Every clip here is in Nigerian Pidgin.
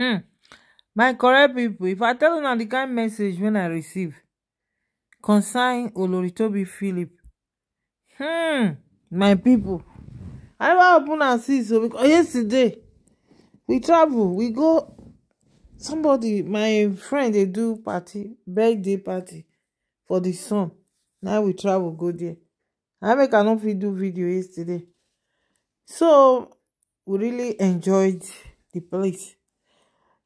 hmm my correct people, if i tell una di kind message when i receive consign oloritobi philip hmm my people, i never open and see so because yesterday we travel we go somebody my friend they do party birthday party for the son. Now we travel go there i make an no do video yesterday so we really enjoyed the place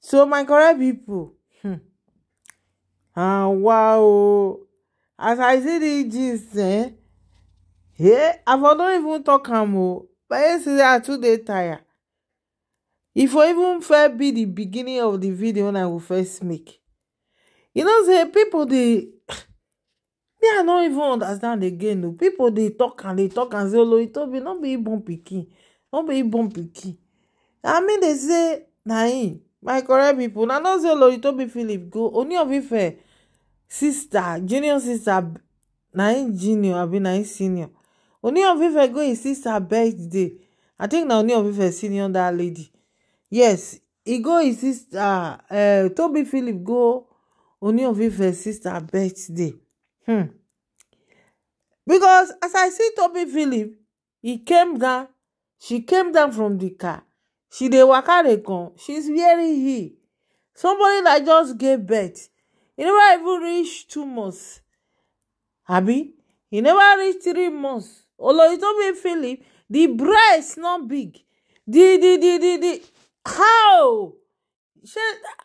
so my correct people, hmm, ah and wow oh, as i see dis gist eh eh i for don even talk am o oh, but yesterday i too dey tire e for even first be di beginning of the video when i go first make you know say people dey me i no even understand again o oh, people dey talk and dey talk and say oloritobi no be ibon e pikin no be ibon e pikin i mean dey say na him my correct people, na know say oloritobi philip go oni of ife sister junior sister na im junior abi na im senior oni of ife go im sister birthday i think na oni of ife senior dat lady yes e go im sister Uh, eh, tobi philip go oni of ife sister birthday hmm because as i see tobi philip e came down she came down from the car she dey waka dey come she's very heel somebody that just gave birth e never even reach two months abi e never reach three months Oloritobi Philip the breast no big the the the the the how She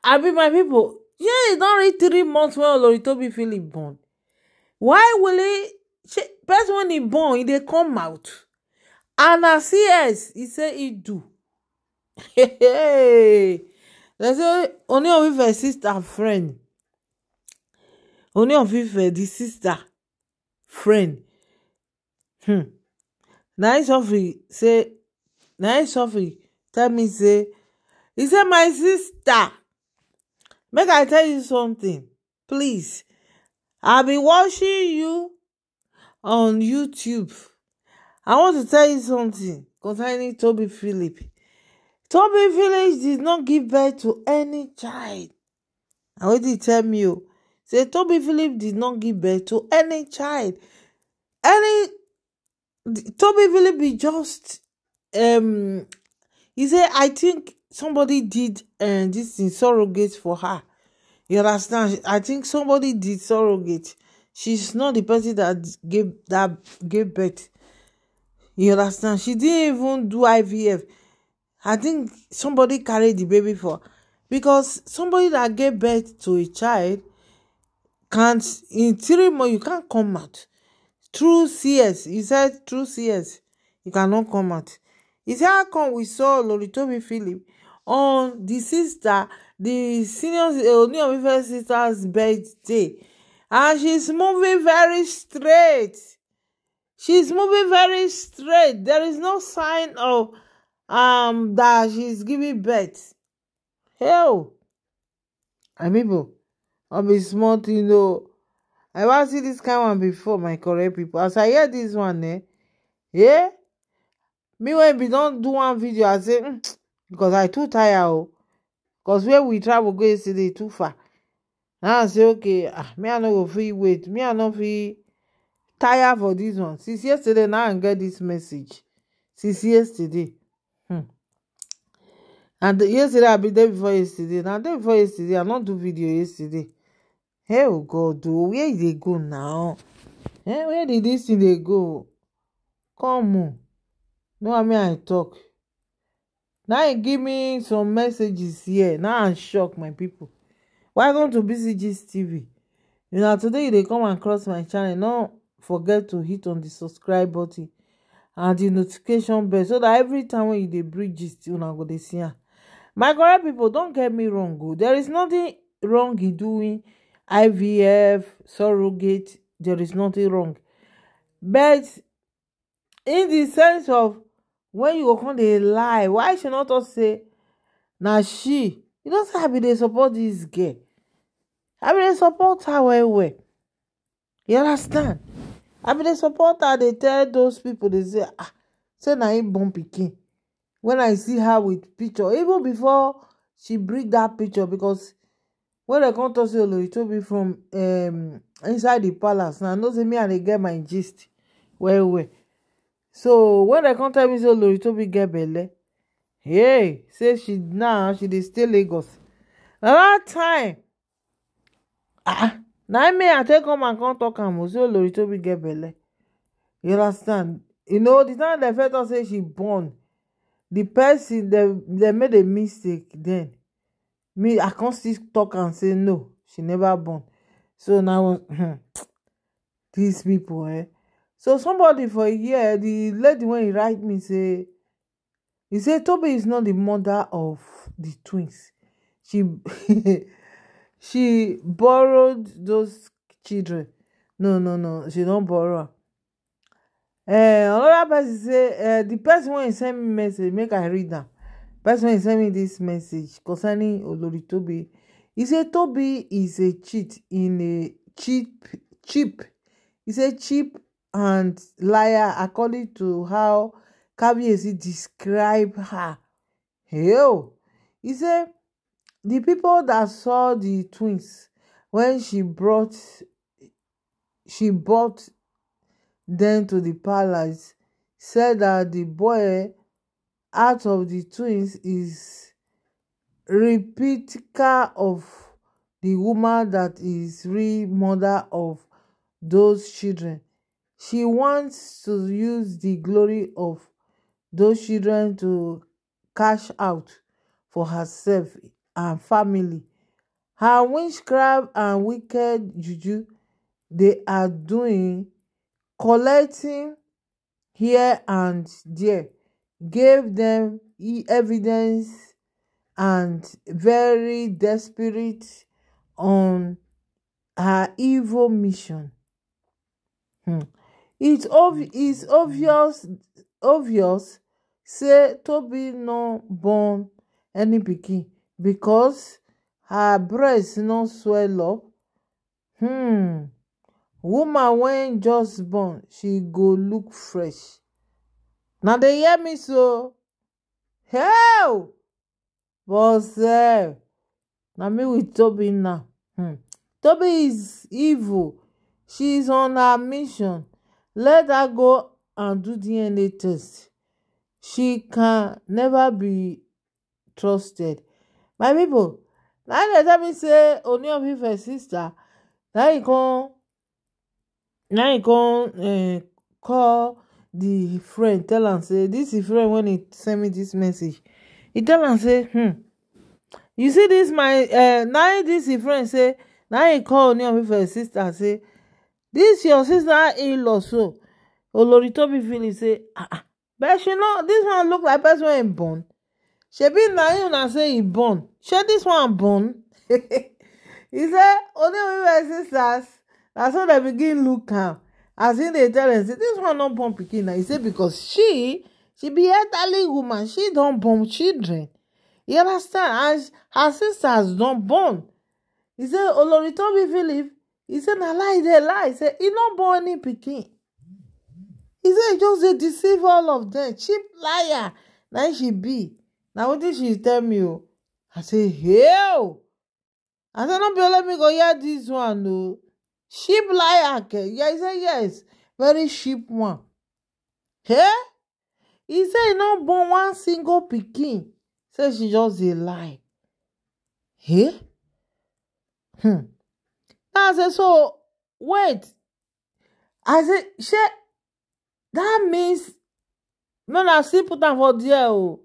abi my people Yeah, e don reach three months when Oloritobi Philip born why will he shey person when he born e dey come out and as he is he say he do dem say Ooni of Ife sister friend Ooni of Ife the sister friend hmm. na him sofri say na him sofri tell me say he say my sister make i tell you something please i been watching you on youtube i want to tell you something concerning Toby Philip Toby village did not give birth to any child. And what did tell you? Say Toby Philip did not give birth to any child. Any Toby Philip be just um he said I think somebody did uh, this in surrogate for her. You understand? I think somebody did surrogate. She's not the person that gave that gave birth. You understand? She didn't even do IVF. I think somebody carried the baby for because somebody that gave birth to a child can't in three months you can't come out through CS You said through CS you cannot come out he said how come we saw Oloritobi Philip on the sister the senior uh, Ooni of sister's birthday and she's moving very straight she's moving very straight there is no sign of um that she's giving birth hell I'm able. I'm a small thing o i wan see this kind one before my correct people. as i hear this one eh yeah me when we don't do one video i say mm, because i too tired. Oh, because where we travel go yesterday too far now i say okay ah me i no go fit wait me i no fit tired for this one since yesterday now i get this message since yesterday um and yesterday I've been there before yesterday Now, there before yesterday i not do video yesterday hey oh god oh where did they go now eh where did this thing dey go come on no I mean? i talk Now, e give me some messages here now i shock my people. pipo welcome to bcgs tv you know today they come and cross my channel no forget to hit on the subscribe button and the notification bell so that every time when you dey bring gist una go dey see am my correct people, don get me wrong o there is nothing wrong in doing ivf surrogate there is nothing wrong but in the sense of when you go come dey lie why she not talk say na she you know say i bin dey support dis girl i bin dey support her well well you understand i bin dey support her dey tell those people dey say ah say na him born pikin When i see her with picture even before she bring that picture because when I come tok say olori me from um, inside the palace na i know say me i dey get my gist well well so when I come tell me say olori tobi get belle hey say she now she dey stay lagos na that time ah na im i take come and come talk am say oloritobi get belle you understand you know di time dem first tok say she born The person dem made a mistake then. me i con still tok am say no she never born so now these people, eh so somebody for here the lady wey write me say he say tobi is not the mother of the twins she she borrowed those children no no no she don borrow am eh, another person say eh, The person wey send me message make i read am person wey send me this message concerning olori tobi He say tobi is a cheat in a cheap cheap He say cheap and liar according to how kabiyesi describe her hey, oh. e say the people that saw the twins when she brought she brought them to the palace said that the boy out of the twins is replica of the woman that is real mother of those children she wants to use the glory of those children to cash out for herself and family her witchcraft and wicked juju they are doing collecting here and there gave them e, evidence and very desperate on her evil mission. Hmm. It ob is obvious obvious say Tobi no born any pikin because her breast no swell up Hmm. woman when just born she go look fresh Now they hear me so hell but sef eh, Now me with Toby now hmm. Toby is evil she is on her mission let her go and do dna test she can never be trusted my people, na dem tell me say oni of ife sister na he come na he come eh, call the friend tell am say this e friend wen e send me this message He tell am say hmm you see this my eh, na this e friend say na he call oni of ife sister say this your sister in law so oloritobi feeling say ah ah but she no this one look like person wey born shebi na him na say he born shey this one born He say only women sisters That's so they begin look am as him they tell him, say dis one no born pikin na e say because she she be elderly woman she don't born children you understand As her sisters don't born e say oloritobi philip e say na lie they lie He say he no born any picking. He say just dey deceive all of them. cheap liar na she be não wetin she tell me o i say hell i say no be me go hear dis one não sheep liar ke yeah he say yes very sheep one hey e say e no born one single pikin say she just dey lie hey hmm now i say so wait i say shey dat means no na still put am for there o oh.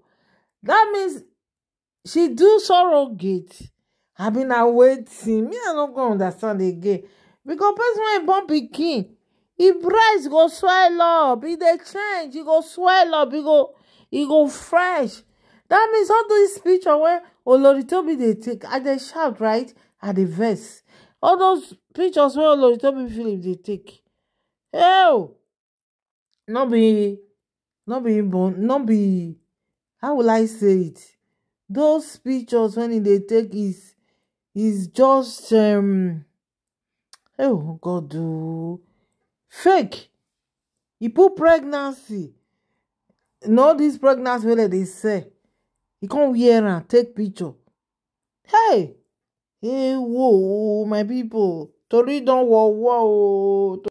that means she do surrogate i bin na waiting. me i not go understand again because person wey born pikin he breast go swell up He dey change he go swell up He go he go fresh that means all those picture wey oloritobi they take i dey shout right i dey verse? all those pictures wey oloritobi philip they take hell oh! no be no be no be how will i say it those pictures when e dey take is is just um, oh god ooo fake He put pregnancy not this pregnancy Where they say he can't come wear am take picture hey hey whoa my people, tori don't war war ooo